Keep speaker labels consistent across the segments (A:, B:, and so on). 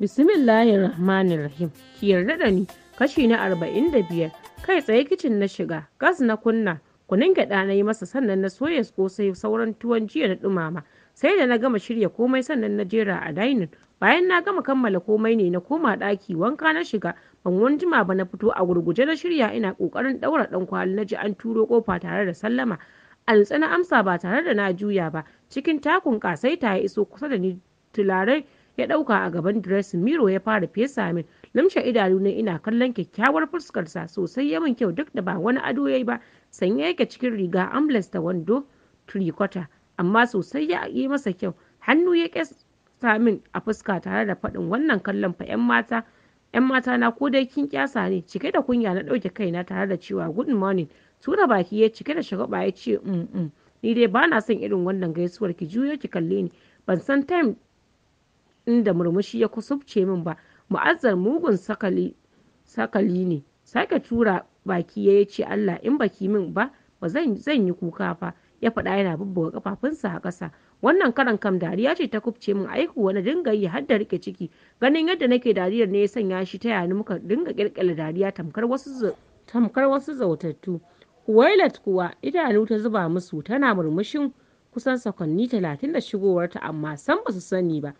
A: Bismillahirrahmanirrahim. Ki yarda da ni. Kashi na arba'in da biyar. Kai tsaye kicin na shiga. Gas na kunna. Kunin gyaɗa na yi masa sannan na soya kosai sauran tuwon jiya na dumama Sai da na gama shirya komai sannan na jera a dining. Bayan na gama kammala komai ne na koma ɗaki wanka na shiga. Ban wani jima ba na fito a gurguje na shirya ina kokarin ɗaura ɗan kwali na ji an turo ƙofa tare da sallama. Altsana amsa ba tare da na juya ba. Cikin takun kasaita ya iso kusa da ni tularai ya ɗauka a gaban diresin miro ya fara fesa min lamshe idanu na ina kallon kyakkyawar fuskarsa sosai ya min kyau duk da ba wani ado yi ba sanye yake cikin riga ambles da wando tricota amma sosai ya yi masa kyau hannu ya kyasa min a fuska tare da faɗin wannan kallon fa 'yan mata 'yan mata na ko dai kin kyasa ne cike da kunya na ɗauke kaina tare da cewa good morning tura baki ya cike da shagaba ya ce ni dai ba na son irin wannan gaisuwar ki juyo ki kalle ni ban san time inda murmushi ya kusubce min ba mu'azzar mugun sakali ne sake tura baki ya ce Allah in baki min ba ba zan yi kuka fa ya faɗa yana bubbuga kafafunsa a ƙasa wannan karan kam dariya ce ta kubce min aiku wani dinga yi har da rike ciki ganin yadda nake dariyar ne ya sanya shi ta yani muka dinga kirkira dariya tamkar wasu tamkar wasu zautattu Wailat kuwa idanu ta zuba musu tana murmushin kusan sakonni talatin da shigowarta amma san ba su sani ba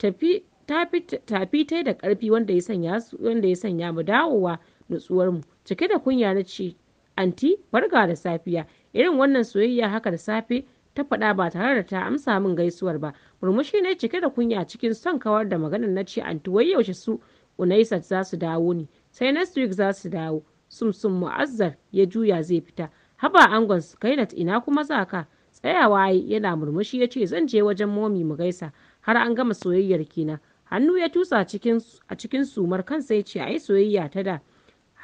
A: tafi tai da ƙarfi wanda ya sanya mu dawowa mu cike da kunya na ce anty barka da safiya irin wannan soyayya haka da safe ta faɗa ba tare da ta amsa min gaisuwar ba murmushi ne cike da kunya cikin son kawar da maganar na ce anty wai yaushe su Unaisat za su dawo ne sai next week za su dawo sumsum mu'azzar ya juya zai fita haba angon su ina kuma zaka tsayawa yana murmushi ya ce zan je wajen momi mu gaisa har an gama soyayyar kina hannu ya tusa a cikin sumar kansa ya ce ai soyayya da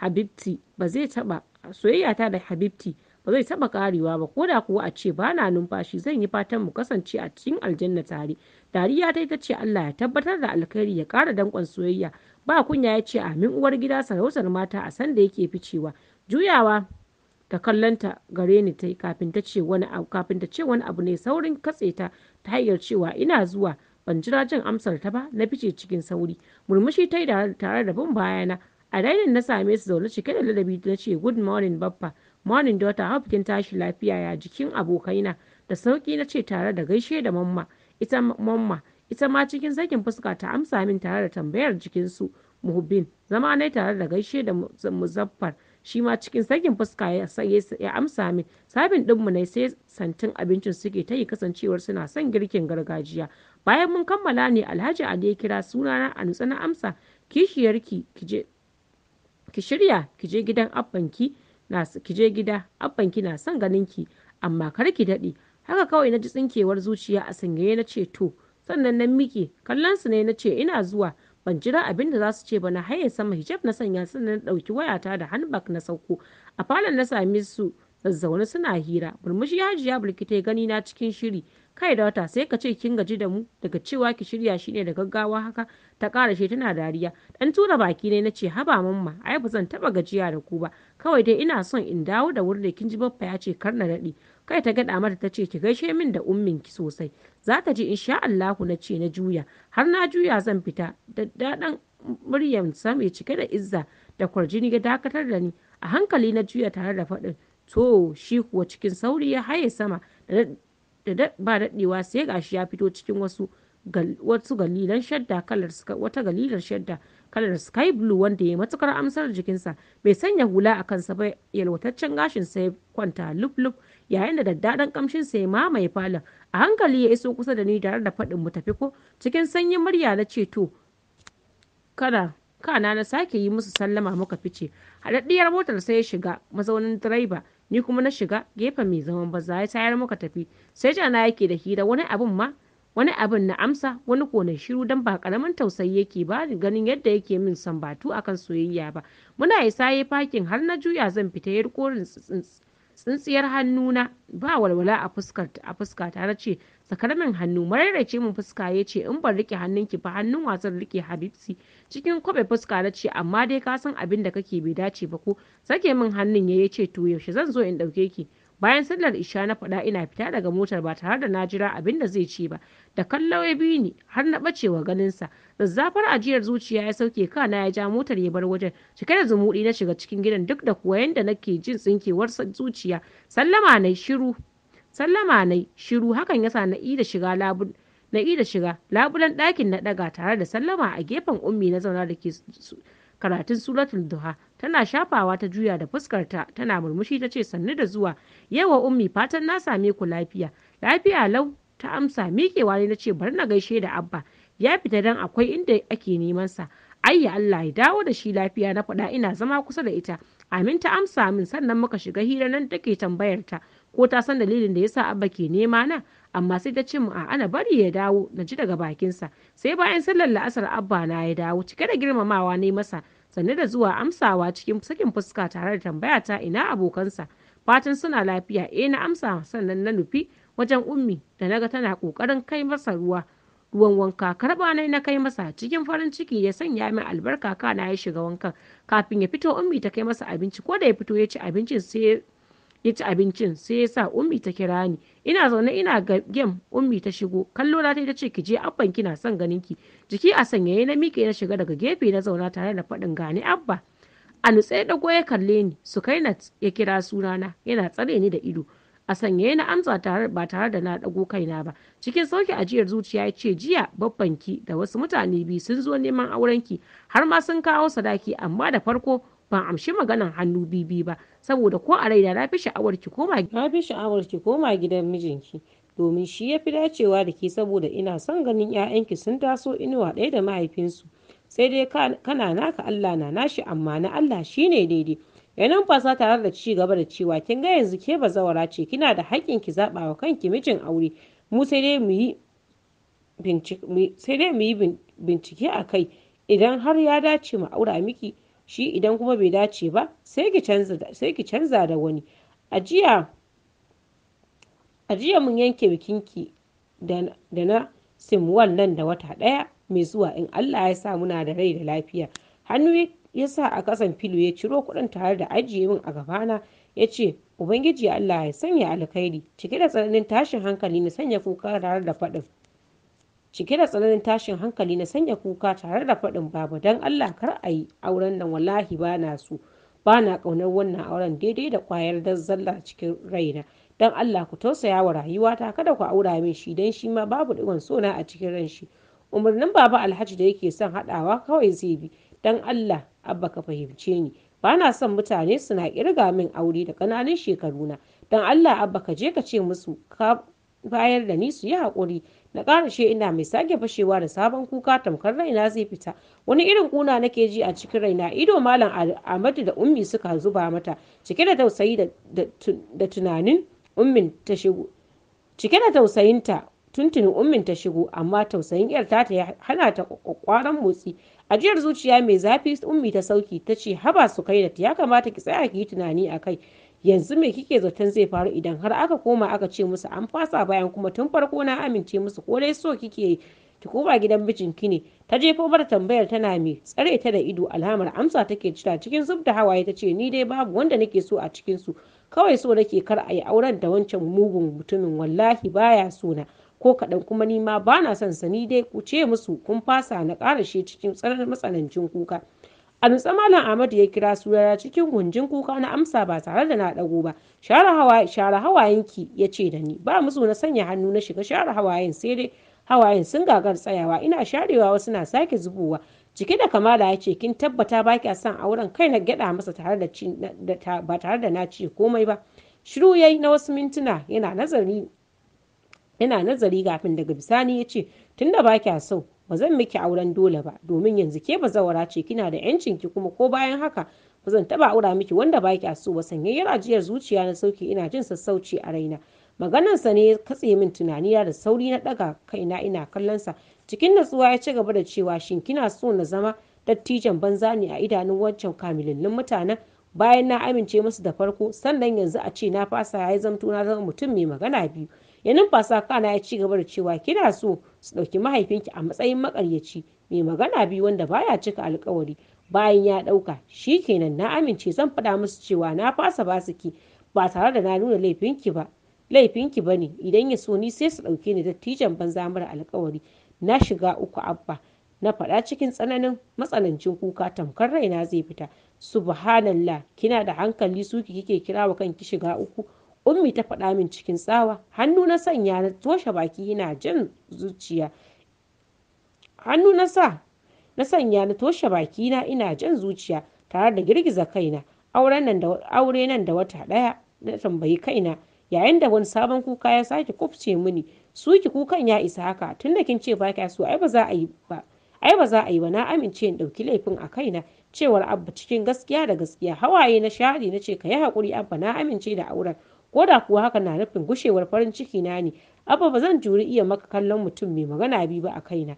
A: habibti ba zai taba soyayya ta da habibti ba zai taba karewa ba ko da kuwa a ce ba na numfashi zan yi fatan mu kasance a cikin aljanna tare dariya ta ita ce Allah ya tabbatar da alkhairi ya kara dankon soyayya ba kunya ya ce amin uwar gida sarautar mata a sanda yake ficewa juyawa ta kallonta gare ni ta kafin ta ce wani abu kafin ta ce wani abu ne saurin katse ta ta hanyar cewa ina zuwa ban jira jin amsar ta ba na fice cikin sauri murmushi ta yi tare da bin bayana a dainin na same su zaune cike da ladabi ta ce good morning baffa morning daughter hope kin tashi lafiya ya jikin abokaina da sauki na ce tare da gaishe da mamma ita mamma ita ma cikin sakin fuska ta amsa min tare da tambayar jikinsu muhubbin zama nai tare da gaishe da muzaffar shi ma cikin sakin fuska ya amsa min sabin ɗinmu ne sai santin abincin suke ta yi kasancewar suna son girkin gargajiya bayan mun kammala ne alhaji ali ya kira suna a nutsa na amsa kishiyarki ki shirya ki gidan abbanki na kije gida abbanki na son ganinki amma kar ki dade haka kawai na ji tsinkewar zuciya a sanyaye na ce to sannan na miki kallon su ne na ce ina zuwa ban jira abin da za su ce ba na haye sama hijab na sanya sannan na ɗauki wayata da handbag na sauko a falon na sami su zazzaune suna hira murmushi hajiya bulkitai gani na cikin shiri kai da wata sai ka ce kin gaji da mu daga cewa ki shirya shi ne da gaggawa haka ta kara shi tana dariya dan tura baki ne ce haba mamma ai ba zan taba gajiya da ku ba kawai dai ina son in dawo da wurin da kin ji baffa ya ce kar na daɗe Kai ta gaɗa mata ta ce ki gaishe min da ummin ki sosai. Za ta ji sha Allahu na ce na juya. Har na juya zan fita. Daddaɗan muryan sa mai cike da izza da kwarjini ya dakatar da ni. A hankali na juya tare da faɗin. To shi kuwa cikin sauri ya haye sama da ba daɗewa sai gashi ya fito cikin wasu wasu galilan shadda kalar wata galilar shadda kalar sky blue wanda ya matukar amsar jikinsa mai sanya hula a kansa ba yalwataccen gashin sai kwanta lup lup yayin da kamshin sa ya mamaye falon a hankali ya iso kusa da ni tare da faɗin mu tafi ko cikin sanyin murya na ce to kana kana na sake yi musu sallama muka fice haɗaɗɗiyar motar sai ya shiga mazaunin direba ni kuma na shiga gefen mai zaman baza ya tayar muka tafi sai jana yake da hira wani abin ma wani abin na amsa wani kone shiru dan ba karamin tausayi yake ba ganin yadda yake min sambatu akan soyayya ba muna isa yi fakin har na juya zan fita ya tsitsi tsintsiyar hannuna ba walwala a fuskar a fuskata na ce sakar min hannu mararrace min fuska ya ce in ban rike hannunki ba hannun wasan rike habibsi cikin kwabe fuska na ce amma dai ka san abin da kake bai dace ba ko sake min hannun ya ce to yaushe zan zo in ɗauke ki bayan sallar isha na faɗa ina fita daga motar ba tare da na jira abin da zai ce ba da kallo ya bi ni har na ɓace wa ganinsa zazzafar ajiyar zuciya ya sauke kana ya ja motar ya bar wajen cike da zumuɗi na shiga cikin gidan duk da kuwa yanda nake jin tsinkewar zuciya sallama na shiru sallama nai shiru hakan yasa na da shiga labun na da shiga labulan ɗakin na ɗaga tare da sallama a gefen ummi na zauna da ke karatun suratul duha tana shafawa ta juya da fuskarta tana murmushi ta ce sannu da zuwa yawa ummi fatan na same ku lafiya lafiya lau ta amsa miƙewa ne na ce bari na gaishe da abba ya fita dan akwai inda ake neman sa ayya Allah ya dawo da shi lafiya na faɗa ina zama kusa da ita amin ta amsa min sannan muka shiga hira nan take tambayar ta ko ta san dalilin da yasa abba ke nema na amma sai ta ce mu a ana bari ya dawo na ji daga bakinsa sai bayan sallar la'asar abba na ya dawo cike da girmamawa ne masa sanne da zuwa amsawa cikin sakin fuska tare da tambaya ta ina abokansa fatan suna lafiya eh na amsa sannan na nufi wajen ummi da naga tana kokarin kai masa ruwa ruwan wanka karba ne na kai masa cikin farin ciki ya sanya min albarka kana ya shiga wankan kafin ya fito ummi ta kai masa abinci ko da ya fito ya ci abincin sai ya ci abincin sai ya sa ummi ta kira ni ina zaune ina ga gem ummi ta shigo kallo na ta ce ki je abban kina son ganin ki jiki a sanyaye na miƙe na shiga daga gefe na zauna tare da faɗin gani abba a nutse dago ya kalle ni su sukainat ya kira sunana yana tsare ni da ido a sanyaye na amsa tare ba tare da na dago kaina ba cikin sauki ajiyar zuciya ya ce jiya babban ki da wasu mutane biyu sun zo neman aurenki har ma sun kawo sadaki amma da farko ban amshi maganan hannu bibi ba saboda ko a raina na fi sha'awar ki koma na fi sha'awar ki koma gidan mijinki domin shi ya fi dacewa da ke saboda ina son ganin 'ya'yanki sun taso inuwa ɗaya da mahaifinsu sai dai kana naka Allah na nashi amma na Allah shine daidai ya numfasa tare da ci gaba da cewa kin ga yanzu ke bazawara ce kina da haƙƙin ki zaɓa wa kanki mijin aure mu sai dai mu yi bincike a kai idan har ya dace mu aura miki shi idan kuma bai dace ba sai ki canza da wani ajiya mun yanke bikinki da na simwal nan da wata ɗaya mai zuwa in Allah ya sa muna da rai da lafiya hannu ya sa a kasan filo ya ciro kuɗin tare da ajiye min a gabana ya ce ubangiji Allah ya sanya alkhairi cike da tsananin tashin hankali na sanya kuka tare da faɗin cike da tsananin tashin hankali na sanya kuka tare da faɗin babu. don Allah kar a yi auren nan wallahi ba na so ba na ƙaunar wannan auren daidai da ƙwayar zalla cikin raina don Allah ku tausaya wa rayuwata kada ku aura min shi don shi ma babu ɗigon sona a cikin ran shi umarnin baba alhaji da yake son haɗawa kawai zai bi don Allah abba ka fahimce ni ba na son mutane suna ƙirga min aure da ƙananun shekaruna don Allah abba ka je ka ce musu bayar da ni su yi haƙuri na ƙarashe ina mai sake fashewa da sabon kuka tamkar raina zai fita wani irin kuna nake ji a cikin raina ido malam amadu da ummi suka zuba mata cike da tausayi da tunanin ummin ta shigo cike da tausayinta tuntunin ummin ta shigo amma tausayin yar ta ya hana ta kwakwaran motsi ajiyar zuciya mai zafi ummi ta sauki ta ce haba su kai da ya kamata ki tsaya ki yi tunani a kai yanzu me kike zaton zai faru idan har aka koma aka ce musu an fasa bayan kuma tun farko na amince musu ko dai so kike ki koma gidan mijinki ne ta jefo bar tambayar tana mai tsare ta da ido alhamar amsa take cita cikin zub da hawaye ta ce ni dai babu wanda nake so a cikin su kawai so nake kar a yi auren da wancan mugun mutumin wallahi baya so na ko kaɗan kuma ni ma ba son sani dai ku ce musu kun fasa na ƙarashe cikin tsananin matsanancin kuka A nutse Malam Ahmadu ya kira surara cikin gunjin kuka na amsa ba tare da na dago ba. Share hawayenki ya ce da ni ba musu na sanya hannu na shiga share hawayen sai dai hawayen sun gagar tsayawa ina sharewa wasu na sake zubowa. Cike da kamala ya ce kin tabbata ba kya son auren kai na gyada masa tare da ba tare da na ce komai ba. Shiru yayi na wasu mintuna yana nazari yana nazari kafin daga bisani ya ce tunda ba kya so ba zan miki auren dole ba domin yanzu ke ba zawara ce kina da yancin ki kuma ko bayan haka ba zan taba aura miki wanda ba ki so ba sanyayyar ajiyar zuciya na sauki ina jin sassauci a raina sa ne ya katse min tunaniya da sauri na daga kaina ina kallon sa cikin natsuwa ya ci gaba da cewa shin kina so na zama dattijan banza ne a idanun wancan kamilillin mutanen bayan na amince musu da farko sannan yanzu a ce na fasa ya zamto na zama mutum mai magana biyu ya numfasa kana ya ci gaba da cewa kina so su ɗauki mahaifinki a matsayin makaryaci mai magana biyu wanda baya cika alkawari bayan ya ɗauka shi kenan na amince zan faɗa musu cewa na fasa ki ba tare da na nuna laifinki ba laifinki ba ne idan ya so ni sai su ɗauke ni dattijan banza mara alkawari na shiga uku abba na faɗa cikin tsananin matsanancin kuka tamkar raina zai fita subhanallah kina da hankali suki kike kira wa kanki shiga uku Ummi ta faɗa min cikin tsawa. Hannu na sanya na toshe baki yana jan zuciya. Hannu na sa na sanya na toshe bakina ina jan zuciya tare da girgiza kaina. Auren nan da aure nan da wata ɗaya na tambayi kaina yayin da wani sabon kuka ya sake kufce mini. Suki kukan ya isa haka tun da kin ce ba ka so ai ba za a yi ba. ai ba za a yi ba na amince in ɗauki laifin a kaina cewar abba cikin gaskiya da gaskiya hawaye na shari na ce ka yi hakuri abba na amince da auren ko da kuwa haka na nufin gushewar farin ciki na ne Abba ba zan juri iya maka kallon mutum mai magana biyu ba a kaina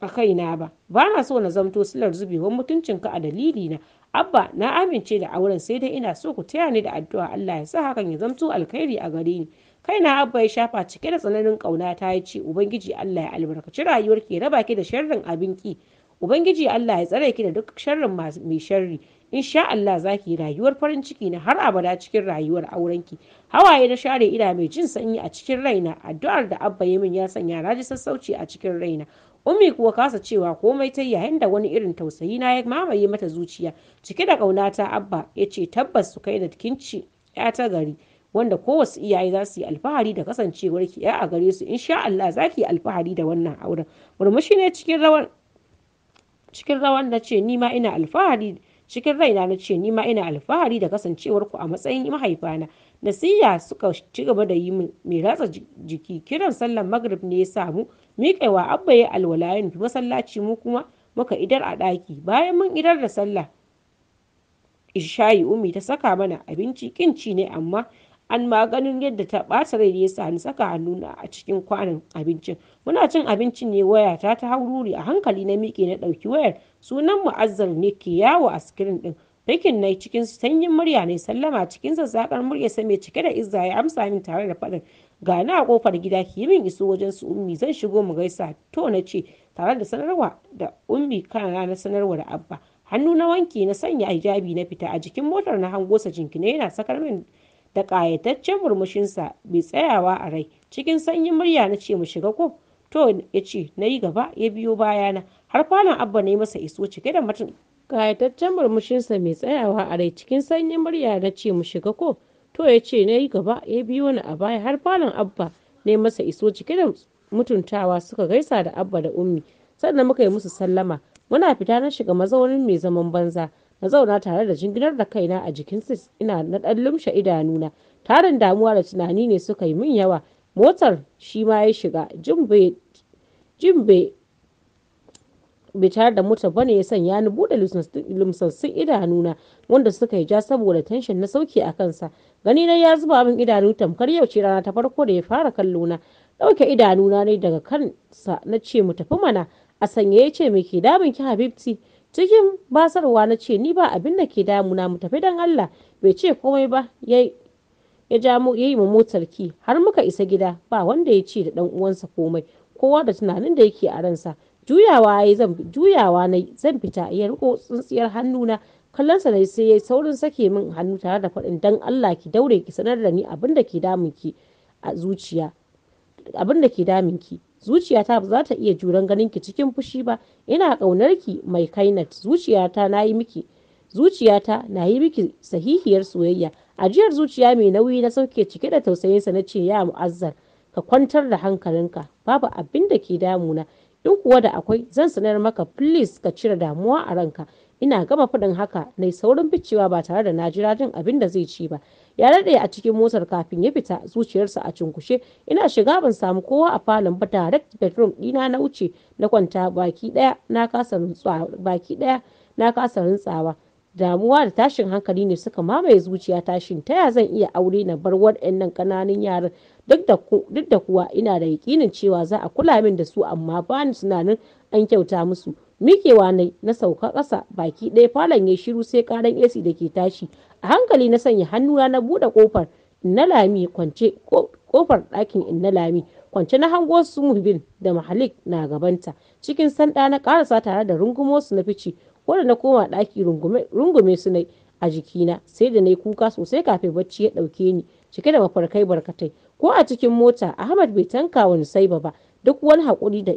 A: a kaina ba ba na so na zamto silar zubewar mutuncinka a dalili na abba na amince da auren sai dai ina so ku taya ni da addu'a Allah ya sa hakan ya zamto alkhairi a gare ni kaina abba ya shafa cike da tsananin kauna ta ya ce ubangiji Allah ya albarkaci rayuwar ke raba ki da sharrin abin ki ubangiji Allah ya tsare ki da duk sharrin mai sharri sha Allah za ki yi rayuwar farin ciki na har abada cikin rayuwar aurenki hawaye na share ina mai jin sanyi a cikin raina addu'ar da abba ya min ya sanya na ji sassauci a cikin raina ummi kuwa kasa cewa komai ta yayin da wani irin tausayi na ya mamaye mata zuciya cike da ƙaunata abba ya ce tabbas su kai da kinci ya ta gari wanda kowace iyaye za su yi alfahari da kasancewar ki ya a gare su sha Allah za ki yi alfahari da wannan auren murmushi ne cikin rawar Cikin rawa na ce ni ina alfahari cikin raina na ce ni ma ina alfahari da kasancewar ku a matsayin mahaifana. Nasiha suka ci gaba da yi min mai ratsa jiki. Kiran sallar magrib ne ya samu mu miƙewa Abba ya masallaci mu kuma muka idar a ɗaki. Bayan mun idar da sallah isha'i Ummi ta saka mana abinci ƙinci ne amma an ma ganin yadda ta ɓata rai ya sani ni saka hannuna a cikin kwanon abincin muna cin abincin ne wayata ta haururi a hankali na miƙe na ɗauki wayar sunan mu'azzar ne ke yawo a sikirin ɗin rikin na cikin sanyin murya ne sallama cikin sassaƙar murya sa mai cike da izza ya amsa min tare da faɗin ga na a ƙofar gida ki yi min iso wajen su ummi zan shigo mu gaisa to na ce tare da sanarwa da ummi kana na sanarwa da abba hannu na wanke na sanya hijabi na fita a jikin motar na hango sa jinkine yana sakar min da ƙayataccen murmushinsa bai tsayawa a rai cikin sanyin murya na ce mu shiga ko to ya ce na yi gaba ya biyo bayana har falon abba na masa iso cike da mutum ƙayataccen murmushinsa mai tsayawa a rai cikin sanyin murya na ce mu shiga ko to ya ce na yi gaba ya biyo ni a baya har falon abba na yi masa iso cike da mutuntawa suka gaisa da abba da ummi sannan muka yi musu sallama muna fita na shiga mazaunin mai zaman banza Na zauna tare da jinginar da kaina a jikin sis ina na dan lumshe idanuna, tarin damuwa da tunani ne suka yi min yawa, motar shi ma ya shiga, jin bai tare da motar bane ya sanya ni bude lumsassun idanuna wanda suka yi ja saboda tension na sauki a kansa gani na ya zuba min idanu tamkar yau ce rana ta farko da ya fara kallo na ɗauke idanuna ne daga kansa na ce mu tafi mana a sanya ya ce me ke damun ki habibti Cikin basarwa na ce, Ni ba abin da ke damuna mu tafi dan Allah, bai ce komai ba ya ja yi ma motar ki har muka isa gida ba wanda ya ce da dan uwansa komai kowa da tunanin da yake a ransa juyawa ya zan juyawa nai zan fita ya riko tsintsiyar hannuna kallonsa da sai yayi saurin sake min hannu tare da fadin dan Allah ki daure ki sanar da ni abin da ke damun ki a zuciya abin da ke damin ki zuciyata ba za ta iya juran ganin ki cikin fushi ba ina ƙaunar ki mai kainat zuciyata na yi miki zuciyata na yi miki sahihiyar soyayya ajiyar zuciya mai nauyi na sauke cike da tausayinsa na ce ya mu'azzar ka kwantar da hankalinka babu abin da ke damuna in kuwa da akwai zan sanar maka please ka cire damuwa a ranka Ina gama faɗin haka na saurin ficewa ba tare da na jin abin da zai ci ba. Ya daɗe a cikin motar kafin ya fita zuciyarsa a cunkushe. Ina shiga ban samu kowa a falon ba da bedroom ɗina na wuce na kwanta baki ɗaya na kasa baki ɗaya na kasa rintsawa. Damuwa da tashin hankali ne suka mamaye zuciya tashin taya zan iya aure na bar waɗannan ƙananun yaran duk da kuwa ina da yakinin cewa za a kula min da su amma bani tunanin an kyauta musu. miƙewa na na sauka ƙasa baki ɗaya falon ya shiru sai ƙaran AC da ke tashi a hankali na sanya hannuna na buɗe kofar na lami kwance ƙofar ɗakin inna lami kwance na hango su muhibin da mahalik na gabanta cikin sanda na ƙarasa tare da rungumo su na fice da na koma ɗaki rungume su na a jikina sai da na yi kuka sosai kafin bacci ya ɗauke ni cike da mafarkai barkatai ko a cikin mota ahmad bai tanka wani saiba ba duk wani haƙuri da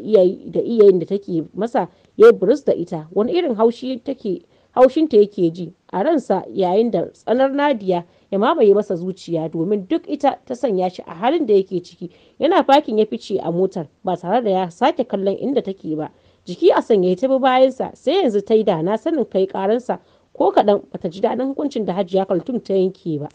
A: iyayen da take masa ya yi buris da ita wani irin haushin ta yake ji a ransa yayin da tsanar nadiya ya mamaye masa zuciya domin duk ita ta sanya shi a halin da yake ciki yana fakin ya fice a motar ba tare da ya sake kallon inda take ba jiki a sanya ta bi bayansa sai yanzu ta yi da na sanin kai karansa ko kaɗan bata ji daɗin hukuncin da hajiya kaltum ta yanke ba.